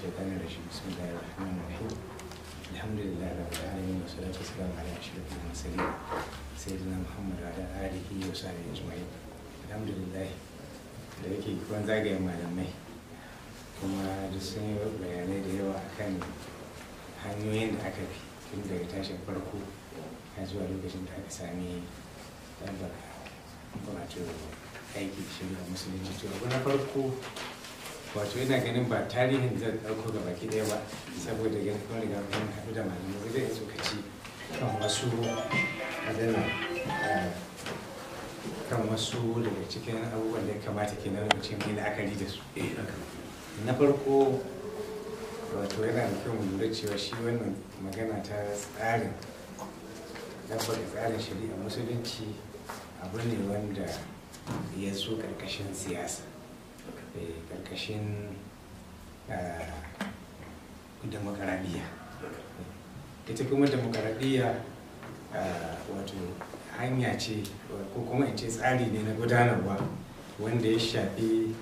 الشيطان الرجيم بسم الله الرحمن الرحيم الحمد لله رب العالمين والصلاة والسلام على أشرف المرسلين سيدنا محمد وعلى آله وصحبه أجمعين الحمد لله da yake kun zagaye malamai kuma duk sun bayanai da yawa akan hanyoyin da aka fi tun daga tashin farko ya zuwa lokacin da aka sami ɗan wato aiki shi musulunci to na farko wato yana ganin ba tarihin zai ɗauko ga baki ɗaya ba saboda yin kuma ga haɗu da malamai zai yi tsokaci kan wasu adana eh, kan wasu daga cikin abubuwan da ya kamata ke nan mutum la'akari da su eh, na farko wato yana da kyau mu lura cewa shi wannan magana ta tsarin dabbar tsarin shari'a musulunci abu ne wanda ya so ƙarƙashin siyasa karkashin eh, eh, demokaradiyya ita kuma demokaradiyya eh, wato hanya ce ko kuma in ce tsari ne na gudanarwa wanda ya shafi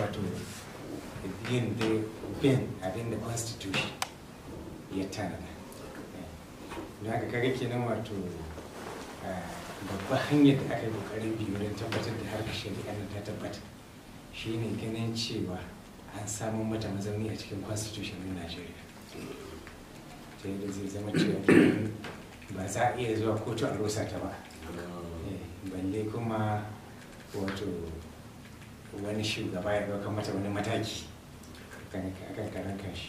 wato bin da bin abinda constitution ya tanada don haka kare kenan wato babban hanyar da aka yi kokarin biyu don tabbatar da harkar shari'a na ta tabbata shine ganin cewa an samu mata mazauni a cikin constitution na najeriya ta yadda zai zama cewa ba za a iya zuwa kotu a rusa ta ba eh, balle kuma wato wani shugaba ya ɗauka mata wani mataki akan karan kashi?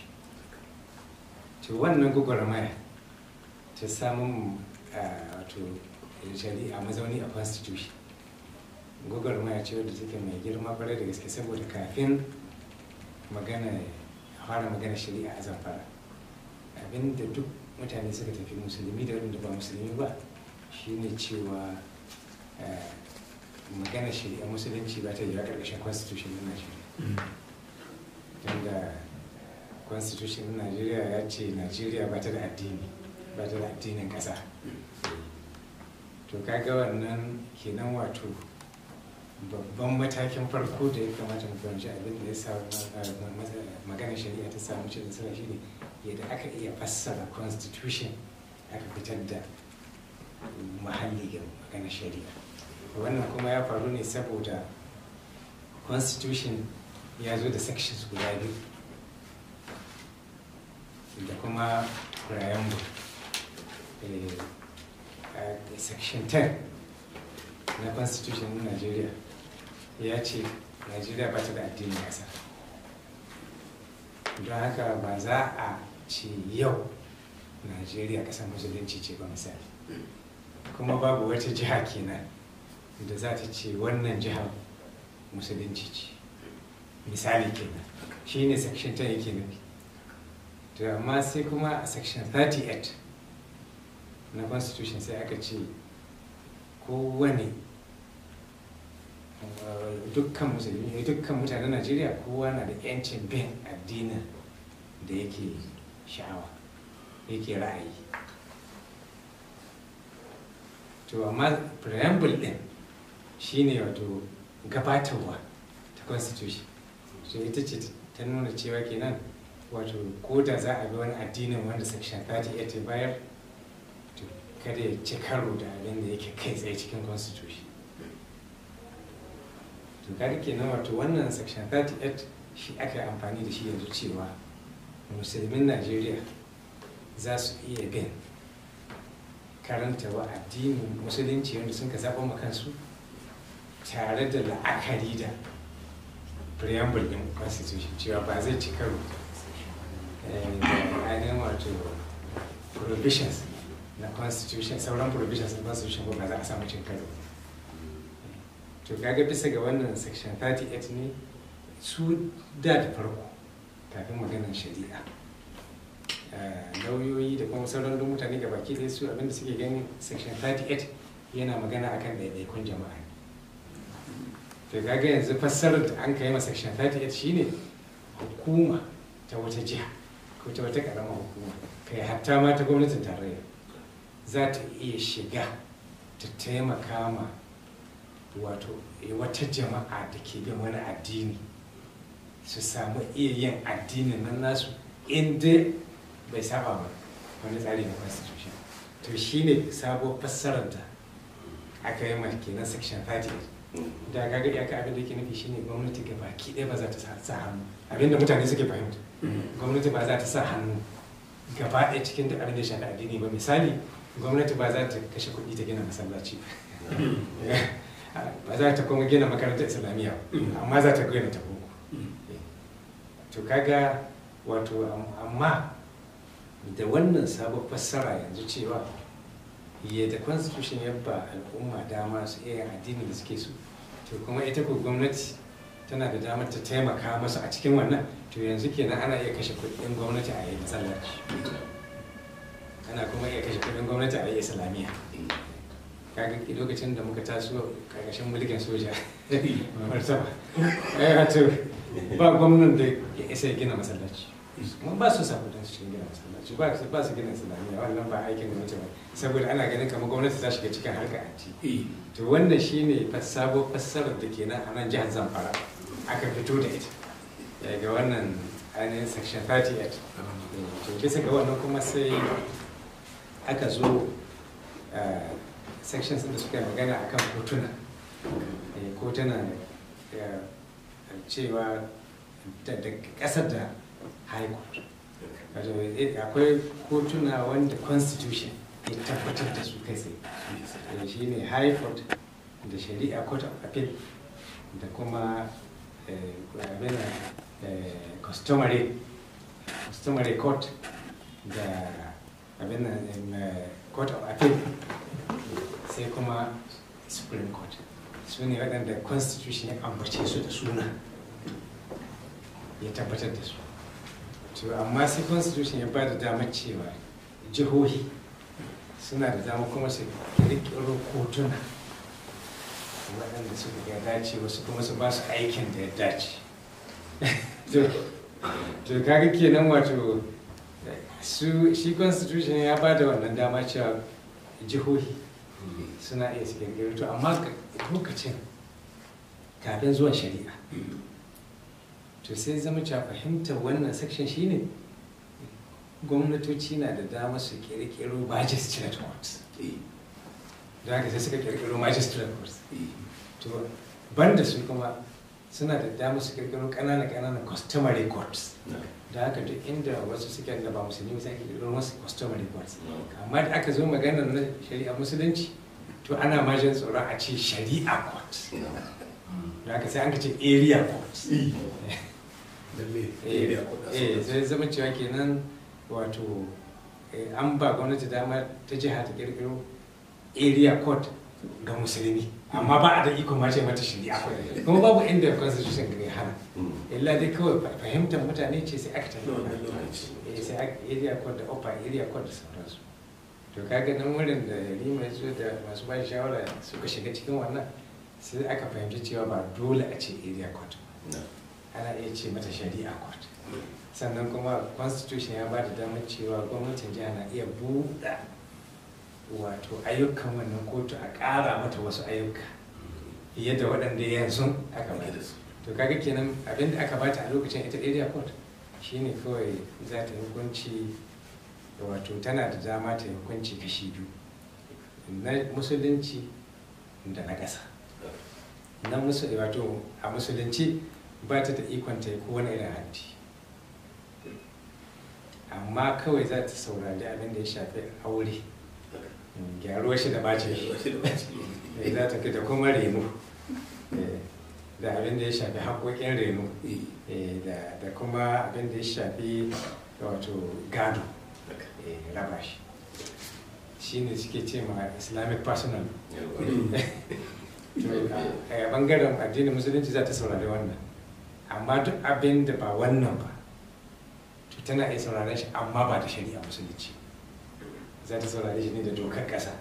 to wannan gwagwarmaya ta samun ah, wato a mazauni a constitution ya ce wadda take mai girma kwarai da gaske saboda kafin magana fara magana shari'a a zamfara abinda duk mutane suka tafi musulmi da wanda ba musulmi ba shine cewa eh, magana shari'a musulunci ba ta yi ƙarƙashin constitution na najeriya tunda constitution na najeriya ya ce najeriya ba ta da addini ba ta da addinin ƙasa to kaga wannan kenan wato babban matakin farko da ya kamata mu fahimci abin da ya samu magana shari'a ta samu cin nasara shine yadda aka iya fassara constitution aka fitar da muhalli ga magana shari'a wannan kuma ya faru ne saboda constitution ya zo da sections guda biyu da kuma preamble da section 10 na constitution na nigeria ya ce Najeriya ba ta da addinin ƙasa. Don haka ba za a ce yau Najeriya ƙasar musulunci ce ba misali. Kuma babu wata jiha kenan da za ta ce wannan jiha musulunci ce. Misali kenan. Shi ne section 10 yake nufi. amma sai kuma a section 38 na constitution sai aka ce kowane eh, dukkan musulmi dukkan mutanen najeriya kowa na da yancin bin addinin da yake sha'awa yake ra'ayi to amma preamble din shine wato gabatarwa ta constitution so ita ce ta nuna cewa kenan wato ko da za a bi wani addinin wanda section 38 ya bayar kada ya ci karo da abin da yake kai tsaye cikin constitution to kaga kenan wato wannan section 38 shi aka amfani da shi yanzu cewa musulmin najeriya za su iya bin karanta wa addinin musulunci wanda sun ka zaɓa ma kansu tare da la'akari da preamble din constitution cewa ba zai ci karo da eh, ainihin wato provisions na constitution sauran provisions na constitution ba za a samu cin karo to kaga bisa ga wannan section 38 ne su da da farko kafin maganar shari'a eh, lauyoyi da kuma sauran duk mutane ga baki ɗaya su abinda suke ganin section 38 yana magana akan ɗaiɗaikun jama'a to kaga yanzu fassarar da an kai ma section 38 shine hukuma ta wata jiha ko ta wata karamar hukuma kai hatta ma ta gwamnatin tarayya za ta iya shiga ta taimaka ma wato wata jama'a da ke bin wani addini su samu iya yin addini nan nasu inda bai saba ba wani tsari na constitution to shine sabuwar fassarar da aka yi mulki kenan section 30 mm-hmm. da kaga ya ka abin da ke nufi shine gwamnati ga baki ɗaya ba za ta sa hannu abinda mutane suke fahimta mm-hmm. gwamnati ba za ta sa hannu gaba ɗaya cikin da abin da shafi addini ba misali gwamnati ba za ta kashe kuɗi ta gina masallaci ba za ta kuma gina makarantar islamiyya amma za ta gina ta boko to kaga wato amma da wannan sabon fassara yanzu cewa yadda constitution ya ba al'umma dama su iya addinin da suke su to kuma ita ko gwamnati tana da damar ta taimaka masu a cikin wannan to yanzu kenan ana iya kashe kuɗin gwamnati a yayin masallaci ana kuma iya kashe kudin gwamnati a yi salamiya kaga lokacin da muka taso karkashin mulkin soja martaba ya eh, wato ba gwamnan da ya isa ya gina masallaci mun ba su da su gina masallaci ba su gina salamiya wannan ba aikin gwamnati ba saboda ana ganin kamar gwamnati ta shiga cikin harka ci eh. to wannan shine sabo fassarar da ke nan a nan jihar zamfara aka fito da ita daga wannan ainihin section 38 to bisa ga wannan kuma sai aka zo eh, sections da suka magana a kan kotuna kotuna eh, eh, cewa da kasar da high court akwai kotuna wanda constitution ya tabbatar da su kai sai shi ne high court da shari'a court of appeal da kuma abin customary court da abin nan eh, court of appeal sai kuma supreme court su ne waɗanda constitution ya ambace su da suna ya tabbatar da su to amma sai constitution ya ba da damar cewa jihohi suna da dama kuma su kirkiro kotuna waɗanda su ya dace wasu kuma su ba su aikin da ya dace to kaga kenan wato su shi constitution ya ba da wannan dama cewa jihohi suna iya su gangare to amma lokacin kafin zuwan shari'a to sai zama cewa fahimtar wannan section ne gwamnatoci na da dama su kirkiro magistrate courts da haka sai suka kirkiro magistrate courts to banda su kuma suna da dama su kirkiro ƙananan ƙananan customary courts da haka duk inda wasu suke da ba musulmi sai ake irin wasu customary amma da aka zo magana na shari'a musulunci to ana majin tsoron a ce shari'a court da haka sai an ce area court e. eh, eh sai zama cewa kenan wato eh, an ba gwamnati dama ta jiha ta kirkiro area court ga musulmi amma ba a da iko ma ce mata shari'a kuma babu inda constitution ne hana illa dai kawai fahimtar mutane ce sai aka tafi wannan lokaci eh, sai aka area code da upper area code da sauransu to kaga nan wurin da rima ya da masu ba shawara suka shiga cikin wannan sai aka fahimci cewa ba dole a ce area code ana iya ce mata shari'a code sannan kuma constitution ya ba da damar cewa gwamnatin jiha na iya buɗa wato ayyukan wannan kotu a ƙara mata wasu ayyuka yadda waɗanda yanzu aka ba to kaga kenan abinda aka bata a lokacin ita area court shine kawai za ta yi hukunci wato tana da dama ta yi hukunci kashi biyu na musulunci da na ƙasa na musulunci wato a musulunci ba ta da ikon ta yi kowane irin hanti. amma kawai za ta saurari abin da ya shafi aure gyaruwa shi da bace shi eh, za ta fi da kuma renu eh, da abin da ya shafi haƙoƙin renu eh. da kuma abin da ya shafi wato gado raba shi shi ne suke ce ma islamic personal a bangaren addinin musulunci za ta saurari wannan amma duk abin da ba wannan ba tana iya sauraron shi amma ba da shari'a musulunci za ta saurare shi ne da dokar ƙasa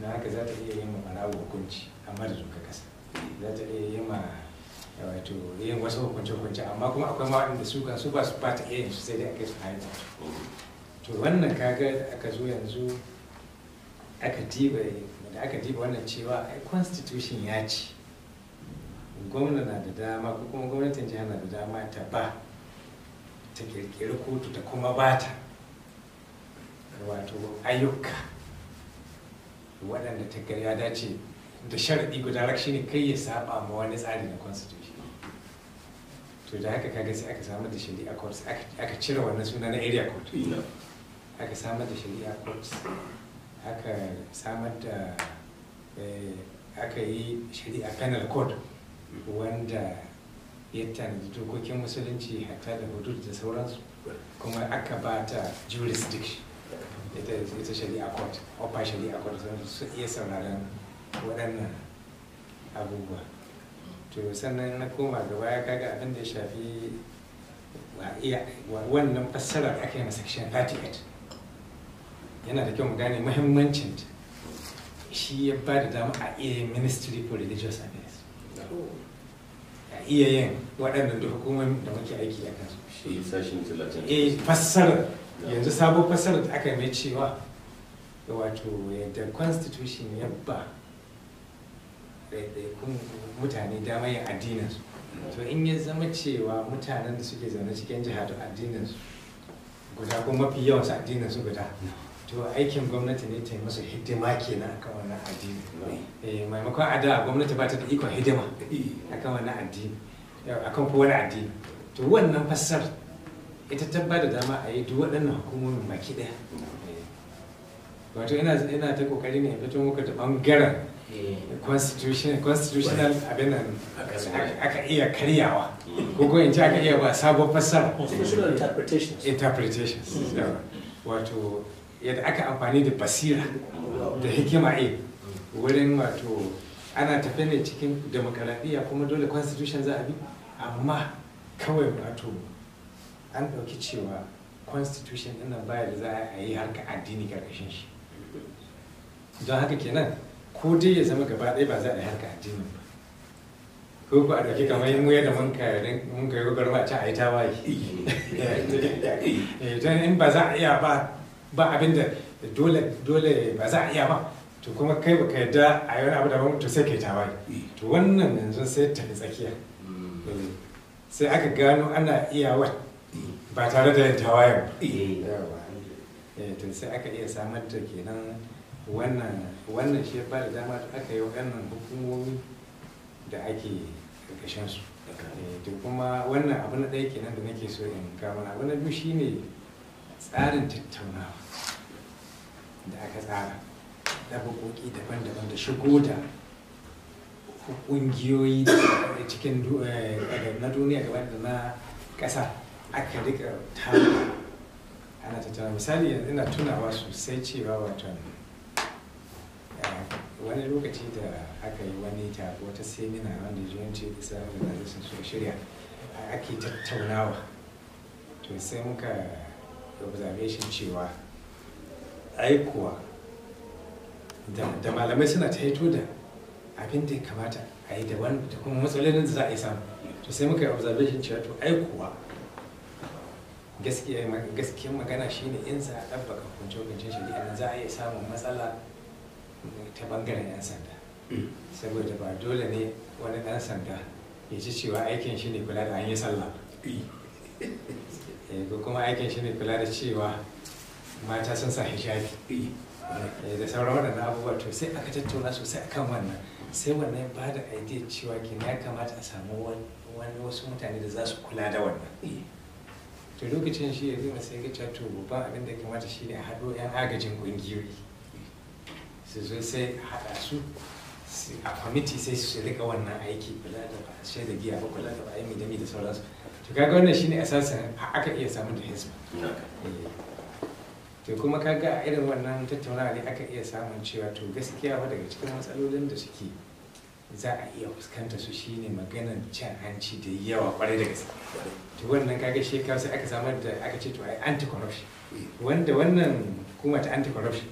na haka za ta iya yin marawa hukunci amma da dokar ƙasa za ta iya yin ma wato yin wasu hukunci hukunci amma kuma akwai waɗanda su suka su ba su fata iya yanzu su sai dai aka su haita to wannan kaga da aka zo yanzu aka diba da aka diba wannan cewa ai constitution ya ce gwamna na da dama ko kuma gwamnatin jiha na da dama ta ba ta kirkiri kotu ta kuma bata wato ayyuka waɗanda ta ya dace da sharaɗi guda rak shine kai ya saba ma wani tsari na constitution to da haka kaga sai aka samar da shari'a courts aka cire wannan suna na area court aka samar da shari'a courts aka samar da eh, aka yi shari'a penal court wanda ya tanadi dokokin musulunci hatta da hudud da sauransu kuma aka ba ta jurisdiction ita shari'a court shari'a court su iya sauraron waɗannan abubuwa to sannan na koma gaba ya kaga abin da ya shafi wannan fassarar ake na section 38 yana da kyau mu gane muhimmancin shi ya ba da dama a iya ministry for religious affairs iya yin waɗannan da hukumomin da muke aiki a kan shi eh, fassarar yanzu sabon fassarar da aka mai cewa wato yadda constitution ya ba ɗaiɗaikun mutane dama yin addinansu to in ya zama cewa mutanen da suke zaune cikin jihar addinansu guda ko mafi yawan addinansu guda to aikin gwamnati ne ta yi masa hidima kenan akan wannan addini eh, maimakon a da gwamnati ba ta da ikon hidima kan wannan addini a kan kowar addini to wannan fassar ita tabba da dama a yi duk waɗannan hukumomin baki ɗaya eh, wato ina ta kokari ne fito muka ta ɓangaren eh, constitutional abin nan aka iya karyawa ko ko in ce aka iya ba sabon constitutional interpretations mm. wato yadda aka amfani da basira da hikima a wurin wato ana tafe ne cikin demokaradiyya kuma dole constitution za a bi amma kawai wato an ɗauki cewa constitution ɗin nan baya da za a yi harka addini karkashin shi don haka kenan ko dai ya zama gaba ɗaya ba za a yi harka addini ba ko ku a ɗauki kamar yin wuya da mun ka mun ka yi a yi a yi tawaye eh, don in ba za a iya ba ba abin da dole dole ba za a iya ba to kuma kai baka yadda a yi abu da to sai kai tawaye mm. to wannan yanzu sai tafi tsakiya mm. sai aka gano ana iya wa ba tare da yin tawayen ba mm. eh, to sai aka iya samar da kenan wannan wannan shi ba da dama aka yi waɗannan hukumomi da ake ƙarƙashin su eh, to kuma wannan abu na ɗaya kenan da nake so in kama abu na biyu shine tsarin tattaunawa da aka tsara da bukuki daban-daban da shigo da kungiyoyi da cikin eh, na duniya gaba da na ƙasa aka rika tara ana tattara misali yanzu ina tunawa sosai cewa wato eh, wani lokaci da aka yi wani taro wata semina wanda juwan ce isa da zai sun shirya ake tattaunawa to sai muka observation cewa aikuwa da malamai suna ta hito da abin da ya kamata a yi daban da kuma matsalolin da za a yi samu to sai muka yi observation cewa to aikuwa gaskiyar magana shine in za a ɗabbaka hukunce-hukuncen shari'a za a iya samun matsala ta bangaren 'yan sanda saboda ba dole ne wani ɗan sanda ya ci cewa aikin shi ne kula da an yi sallah ko eh, kuma aikin shi ne kula da cewa mata sun sa hijabi eh, da sauran waɗannan abubuwa to sai aka tattauna sosai kan wannan sai wannan ba da idea cewa ke ya kamata a samu wani wasu mutane da za su kula da wannan to lokacin shi ya zama sai ga to babban abin da kamata shi ne a haɗo 'yan agajin ƙungiyoyi su zo sai haɗa su a kwamiti sai su rika wannan aiki kula da ba a shaida giya ba kula da ba a yi mi da sauransu to kaga wannan shine asasin aka iya samun da hizba eh. to kuma kaga a irin wannan tattaunawa ne aka iya samun cewa to gaskiya ba daga cikin matsalolin da suke za a iya fuskanta su shine maganan cin hanci da yawa kwarai da gaske to wannan kaga shekaru sai aka samar da aka ce to ai anti corruption wanda wannan kuma ta anti corruption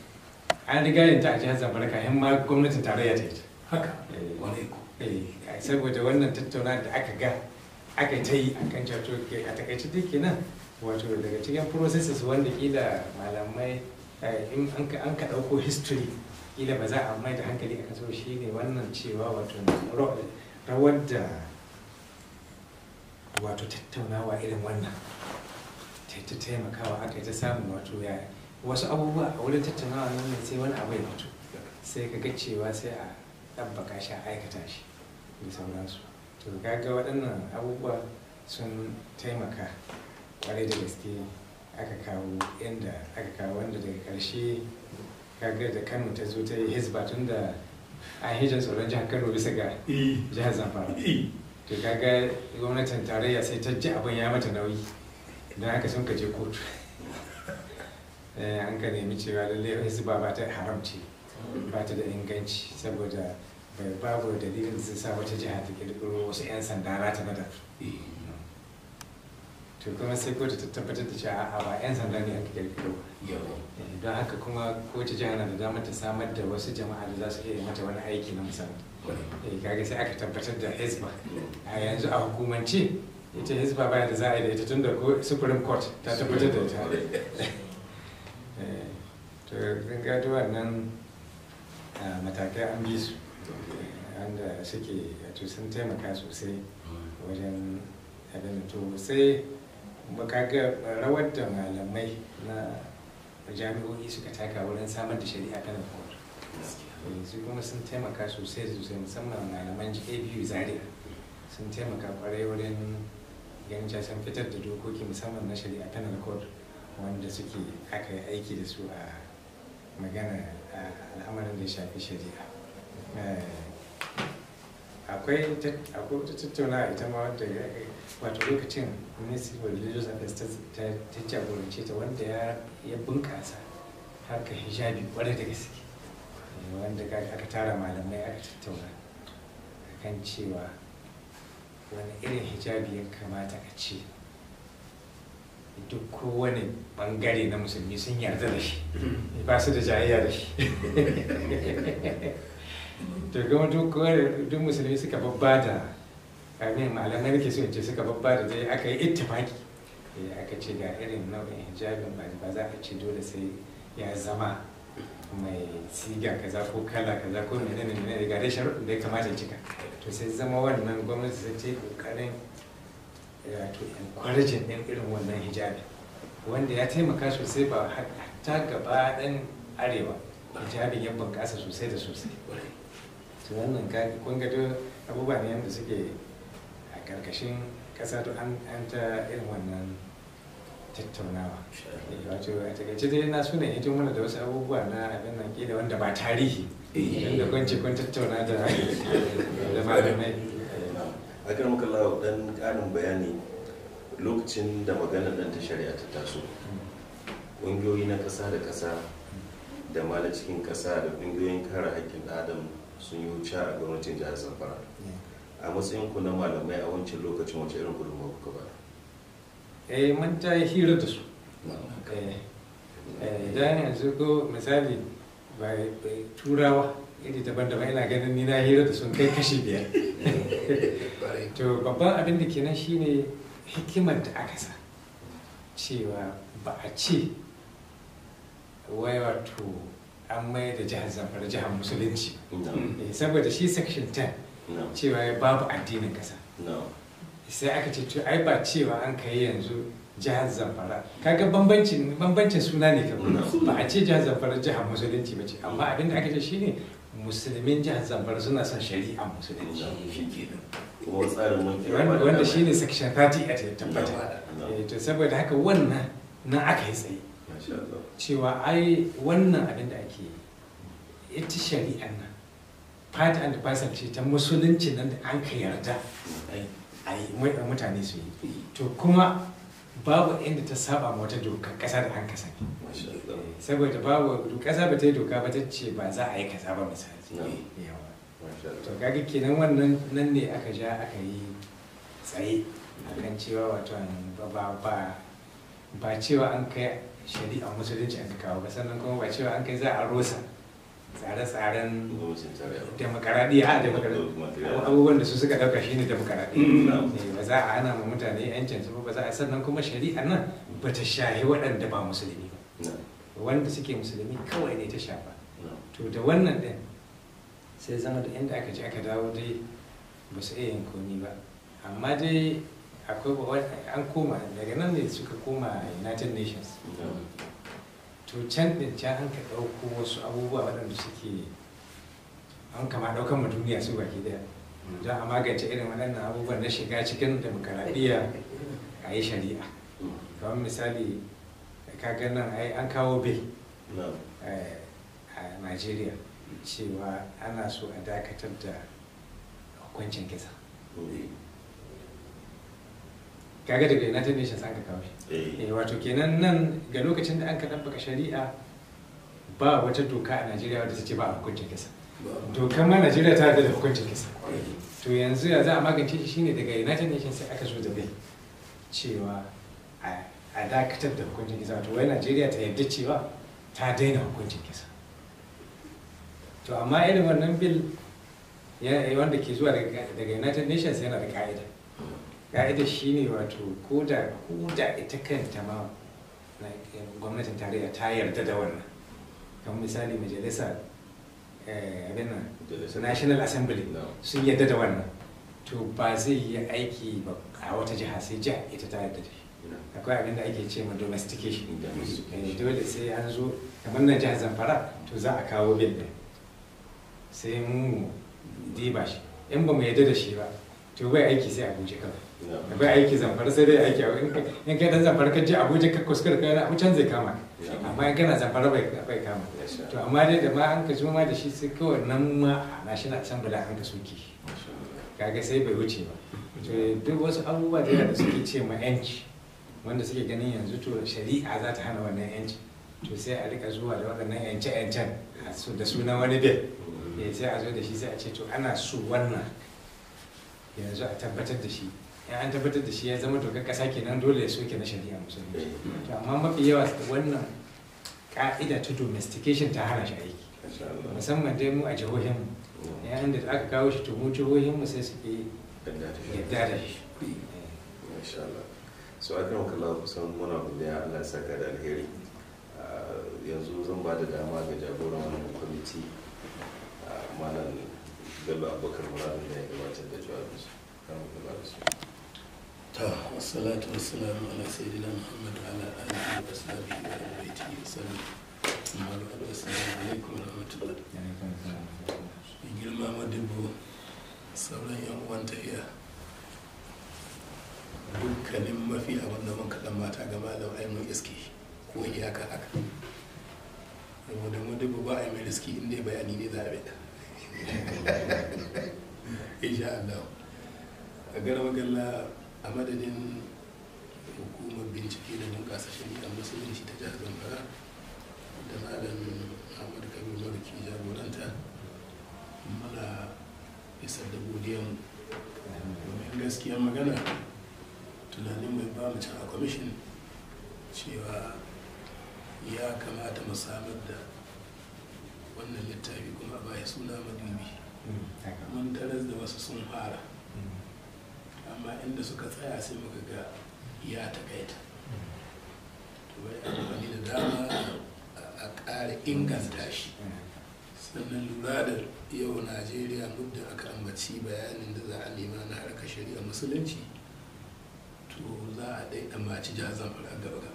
an riga yin ta a jihar Zamfara kafin ma gwamnatin tarayya ta yi haka eh. wani ko eh. saboda wannan tattaunawa da aka ga aka ta yi a kan cato a takaice duk kenan wato daga cikin processes wanda kila malamai eh, in an ka ɗauko history kila ba za a mai da hankali a kaso shi ne wannan cewa wato rawar da wato tattaunawa irin wannan ta taimakawa aka yi ta samun wato ya wasu abubuwa a wurin tattaunawa nan sai wani abu ya mutu? sai ka ga cewa sai a ɗabbaka shi a aikata shi da sauransu to gaga waɗannan abubuwa sun taimaka kwarai da gaske aka kawo yadda aka kawo wanda daga ƙarshe gagar da kano ta zo ta yi hizba tun da an tsoron jihar kano bisa ga eh. jihar zamfara eh. to Gaga gwamnatin tarayya sai ta ji abin ya mata nauyi don haka sun kaje kotu eh, an ka nemi cewa lallai hizba ba ta haramci ba ta da inganci saboda babu dalilin da sa wata jiha ta kirkiro wasu 'yan sanda ta gada to kuma sai kotu ta tabbatar da cewa a ba 'yan sanda ne aka kirkiro eh, don haka kuma kotu jiha na da damar ta samar da wasu jama'a da za su iya mata wani aiki na musamman eh, kaga sai aka tabbatar da hezba a yanzu a hukumance ita hezba baya da za a yi da ita tun da supreme court ta tabbatar da ita eh, to gado wannan matakai an bi su wanda suke wato sun taimaka sosai hmm. wajen abin to sai ga rawar da malamai na jami'o'i suka taka wurin samar da shari'a kanan kowar eh, su kuma sun taimaka sosai sosai musamman malaman abu zaria sun taimaka kwarai wurin ganin cewa sun fitar da dokoki musamman na shari'a penal code wanda suke aka aiki da su a magana al'amarin da ya shafi shari'a Eh, akwai wata tattauna ita ma wadda ya wato lokacin ministry of religious affairs ta jagorance ta wanda ya bunkasa harkar hijabi kwarai da gaske eh, wanda aka tara malamai aka tattauna kan cewa wani irin hijabi ya kamata a ce duk kowane bangare na musulmi sun yarda da shi ba su da jayayya da shi to ga wato duk musulmi suka babbata kamin malamai ke so in ce suka babbada dai aka yi ittifaki eh, aka ce ga irin nau'in hijabin ba za a ce dole sai ya zama mai siga kaza ko kala kaza ko menene menene ga dai sharuɗin da ya kamata cika to sai zama wannan gwamnati sai ce kokarin wato eh, encouraging ɗin irin wannan hijabi wanda ya taimaka sosai ba hatta gaba ɗan arewa hijabin ya bunƙasa sosai da sosai su wannan kun ga abubuwa ne yadda suke a karkashin kasa to an ta irin wannan tattaunawa eh, wato a takaice dai na suna ya tun mana da wasu abubuwa na abin nan kila wanda ba tarihi wanda eh. kun ce kun tattauna da da malamai a kan makallawa dan karin bayani lokacin da maganar dan ta shari'a ta taso ƙungiyoyi na ƙasa da ƙasa da cikin ƙasa da ƙungiyoyin kare haƙƙin adam sun yi wuce a gwamnatin jihar zamfara a matsayin ku na malamai a wancan lokacin wace irin gudunmawa kuka ba eh mun ta yi hira da su eh, eh, idan yanzu ko misali bai turawa iri daban-daban ina ganin nina na hira da sun kai kashi biyar to babban abin da kenan shine hikimar da aka sa cewa ba a ce wai wato an mai da jihar zamfara jihar musulunci eh, saboda shi section 10 cewa babu addinin kasa sai aka ce ai ba cewa an kai yanzu jihar zamfara kaga bambancin suna ne kawai ba a ce jihar zamfara jihar musulunci ba ce amma abin da aka ce shine musulmin jihar zamfara suna son shari'a musulunci wanda shine section 30 a tabbata eh, to saboda haka wannan na aka yi tsaye cewa ai wannan abin da ake yi ita shari'an nan part and parcel ce ta musulunci nan da an ka yarda a yi mutane su yi mm. to kuma babu inda ta saba wata doka kasa da an kasa eh, saboda babu kasa ba ta yi doka ba ta ce ba za a yi kasa ba misali mm. eh, to kaga kenan wannan nan ne aka ja aka yi tsaye akan cewa wato ba ba ba cewa an kai shari'a musulunci aka kawo ba sannan kuma ba cewa an kai za a rosa tsare-tsaren demokaradiyya a ah, demokaradiyya abubuwan da su suka dauka ne demokaradiyya mm. eh, ba za a ana ma mutane yancin su ba za a sannan kuma shari'a nan ba ta shahi waɗanda ba musulmi ba wanda suke musulmi kawai ne ta shafa to da wannan ɗin sai zama da inda aka je aka dawo dai ba su iya yin komi ba amma dai akwai babbar an koma daga nan ne suka koma united nations to can din can an ka ɗauko wasu abubuwa waɗanda suke an kama ɗaukan mu duniya su baki daya don a magance irin waɗannan abubuwan na shiga cikin demokaraɗiyya a yi shari'a kamar misali ka ga nan ai an kawo bil eh, a najeriya cewa ana so a dakatar da hukuncin kisa kaga daga united nations an ka kawo shi eh. Eh, wato kenan nan ga lokacin da an ka ɗabbaka shari'a ba wata doka a najeriya wadda ce ba a hukuncin kisa dokan ma najeriya ta da hukuncin kisa to yanzu ya za a magance shi shine daga united nations sai aka zo da bai cewa a dakatar da hukuncin kisa to wai najeriya ta yarda cewa ta daina hukuncin kisa to amma irin wannan bil wanda ke zuwa daga united nations yana da ka'ida ka'idar shi ne wato ko da ita kanta ma eh, gwamnatin tarayya ta yarda da wannan kan misali majalisa eh, abin national assembly sun yarda da wannan to ba zai yi aiki ba a wata jiha sai jiha ita ta yarda da shi akwai abin da ake ce ma domestication eh, dole sai an zo kamar nan jihar zamfara to za a kawo bil din sai mu diba shi in ba mu yarda da shi ba to bai aiki sai abuja kawai akwai aiki zamfara sai dai aiki in kai dan zamfara ka je abuja ka kuskura kai na abuja zai kama amma in kana zamfara bai kama to amma dai da ma an ka ma da shi sai kawai nan ma na shi na can bala an ka soki kaga sai bai wuce ba to duk wasu abubuwa da da suke ce ma yanci wanda suke ganin yanzu to shari'a za ta hana wannan yanci to sai a rika zuwa da waɗannan yance-yancen da sunan wani bil mm. eh, sai a zo da shi sai a ce to ana so wannan yanzu a tabbatar da shi an tabbatar da shi ya zama dokar kasa kenan dole ya soke na shari'a musulunci eh. to amma mafi yawa wannan ka'ida ta domestication ta hana shi aiki musamman dai mu a jihohin mu mm. yayin da aka kawo shi to mu jihohin mu sai su ke yadda da shi eh. Allah so a kan kallon kusan muna godiya Allah ya saka da alheri ah, yanzu zan ba da dama ga jagoran wannan kwamiti ah, malam gaba Abubakar Muradun da ya gabatar da jawabinsu. Thank you. ta na wassalamu ala sayyidina muhammad wa ala alihi wa sahbihi wa ala wa sallam assalamu alaikum wa rahmatullah girma madubo sauran yan uwan tafiya dukkanin mafi abin da muka dan mata ga malam ai mun iske ko iyaka haka saboda madubo ba a yi mai riski inda bayani ne za a bai insha Allah a garmagalla a madadin hukumar bincike da bunƙasa a musulunci ta jihar zamfara da malam ahmad kabir maruki jagoranta muna isar da godiyan domin gaskiya magana tunanin mai ba mu a kwamishin cewa ya kamata mu samar da wannan littafi kuma ba ya suna madubi mm, mun taras da wasu sun fara amma inda suka tsaya sai muka ga ya takaita to bai amfani da dama a ƙara inganta shi sannan lura da yau najeriya muddin aka ambaci bayanin da za a nema na harka shari'a musulunci to za a dai ambaci jazan fara gaba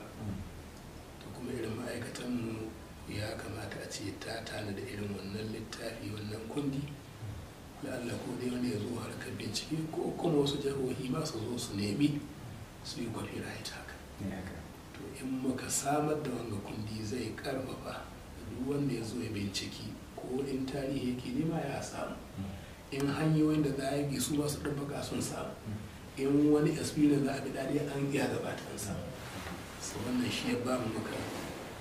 to kuma irin ma'aikatanmu ya kamata a ce ta tana da irin wannan littafi wannan kundi da Allah ko dai wani ya zo harkar bincike ko kuma wasu jihohi ma su zo su nemi su yi kwafi ta haka to in muka samar da wanga kundi zai karfafa duk wanda ya zo ya binciki ko in tarihi yake nema ya samu mm. in hanyoyin da za a yi su masu ɗabbaka sun samu mm. in wani experience za a bi dadi an iya gabatar sa mm. su wannan shi ya ba mu muka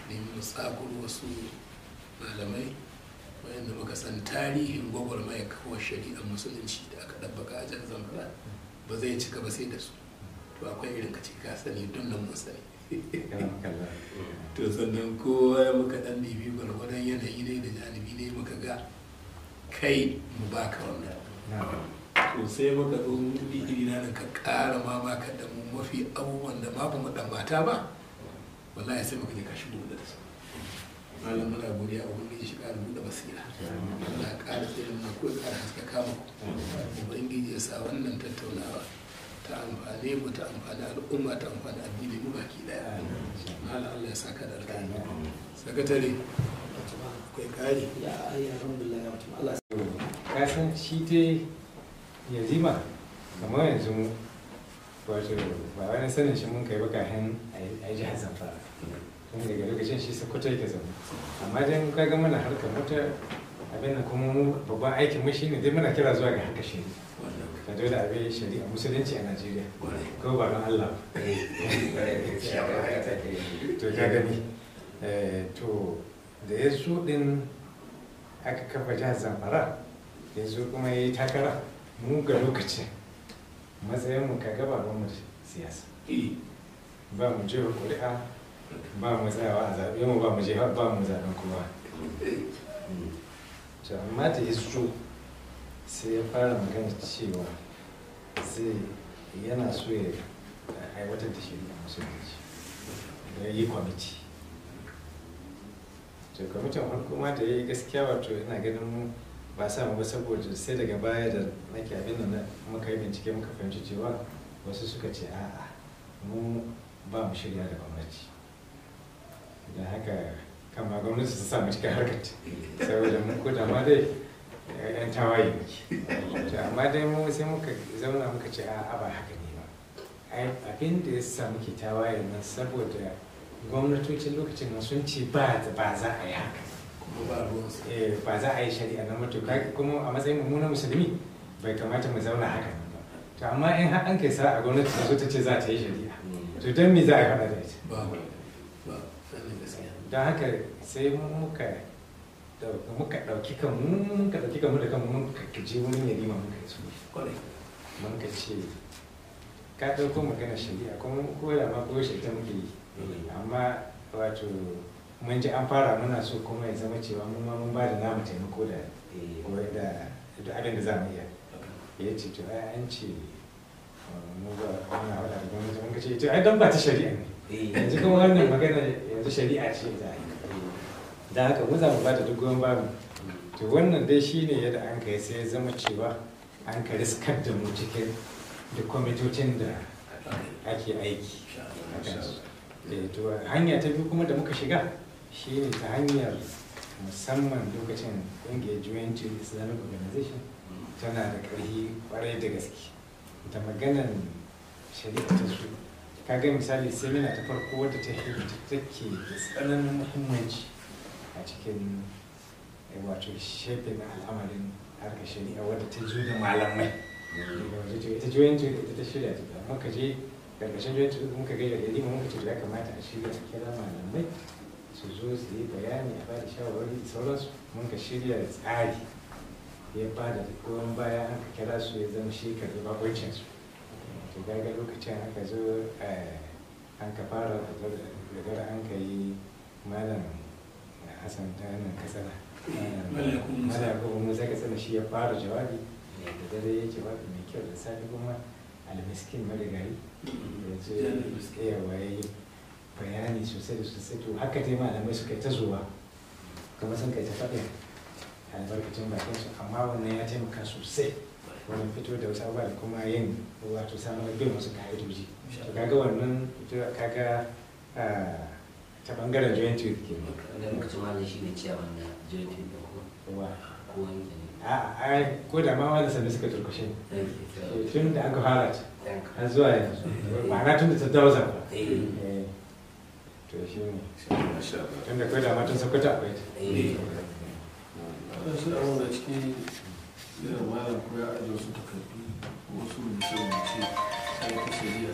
nemi mu tsakuru wasu malamai wayanda muka san tarihin mai kawo shari'a, musulunci da aka ɗabbaka a jan zamfara ba zai cika ba sai da su to akwai irin ka cika sani don nan mun sani to sannan kowa ya muka ɗan bibi gwargwadon yanayi ne da janibi ne muka ga kai mu baka wanda. to sai muka zo mutubi iri na ka ƙara ma da mu mafi abubuwan da ma ba mu ɗan mata ba wallahi sai muka je ka shigo da su malam muna godiya a wurin shi ƙara buɗe basira Allah ya ƙara tsirin na ko ya ƙara haske kama ubangiji ya sa wannan tattaunawa ta amfane mu ta amfani al'umma ta amfani addini mu baki ɗaya. malam Allah ya saka da alƙali sakatare akwai ƙari ya alhamdulillah ya mutum Allah ka san shi te yanzima kamar yanzu mu wato ba wani sanin shi mun kai ba kahin a yi jihar zamfara wanda daga lokacin shi sokoto yake zama amma dai ka ga muna harkar mota abin nan kuma mu babban aikin mu shine dai muna kira zuwa ga haka shi ne. ka dole abin shari'a musulunci a Najeriya ko ba don Allah to ka gani eh, to da ya zo din aka kafa jihar Zamfara yanzu kuma ya yi takara mu ga lokacin matsayin mu ka gaba mu siyasa eh. ba mu je kuri'a ba mu tsayawa a zaɓe mu ba mu je ba mu zaɓen kuma to amma da isu sai ya fara magana cewa zai yana so ya aiwatar da shi a musulunci da yi kwamiti to kwamitin farko da ya yi gaskiya wato yana ganin ba sa ba saboda sai daga baya da nake abin da muka yi bincike muka fahimci cewa wasu suka ce a'a mu ba mu shirya da gwamnati da haka kama gwamnati su sa cikin harkar saboda mun ko da ma dai yan tawaye ne amma dai mu sai muka zauna muka ce a ba haka ne ba abin da yasa muke tawaye nan saboda gwamnatocin lokacin nan sun ce ba za a yi haka eh, ba za a yi shari'a na mutu kuma a matsayin mu na musulmi bai kamata mu zauna haka ba to amma in har an kai sa a gwamnati ta zo ta ce za ta yi shari'a mm. to dan me za a faɗa da ita Da haka sai muka da muka ɗauki kanmu muka ɗauki kanmu da kanmu muka kaje wurin ya ma muka su kwarai muka ce ka ɗauko magana shari'a kuma ko da ma ko shari'a muke yi amma wato mun ji an fara muna so kuma ya zama cewa mun ma mun ba da namu taimako da eh. da abin da za mu iya ya ce to ai an ce mun ba wannan hada da gwamnati ce ai dan ba ta shari'a ne Eh, yanzu kuma wannan magana yanzu shari'a ce za a eh, da haka mu za mu ba da duk goyon babu to wannan dai shi ne yadda an kai sai zama cewa an ka riskar da mu cikin duk kwamitocin da ake aiki eh, to hanya ta biyu kuma da muka shiga shi ne ta hanyar musamman lokacin ƙungiyar joint islamic organization tana da ƙarfi kwarai da gaske da maganan shari'a ta su kaga misali sai semina ta farko wadda ta take da tsananin muhimmanci a cikin eh, wato shefe na al'amarin harkar shari'a wadda ta zo da malamai ita juyin juyin ita ta shirya ta da muka je karkashin juyin juyin muka gaya da lima muka ce ya kamata a shirya ta kira malamai su zo su yi bayani a bada shawarwari da sauransu muka shirya da tsari ya bada goyon baya an ka kira su ya zama shi karɓi bakoncin su to gaga lokacin aka zo eh, an ka fara da an ka yi malam hassan ta nan katsina malam musa katsina shi ya fara jawabi da dare ya jawabi mai kyau da safe kuma almiskin marigari da mm-hmm. zo ya waye bayani sosai da sosai to haka dai malamai suka yi ta zuwa kamar sun kai ta faɗin albarkacin bakin su amma wannan ya taimaka sosai wani fito da wasu abubuwa kuma yin wato samun bin wasu ka'idoji to kaga wannan kaga ah, ta bangaren jointed ke wanda muka ci malam shi ne ciyawan na jointed da ko ne ah, ko da ma wanda sanda suka turkushe tun da aka fara ta har zuwa yanzu ma'ana tun da ta dauza ba eh. Eh. to shi ne tun da da ma tun sakwata akwai ta eh. irin malam ko ya ajiye wasu takardu wasu rubuce-rubuce sai ta shari'a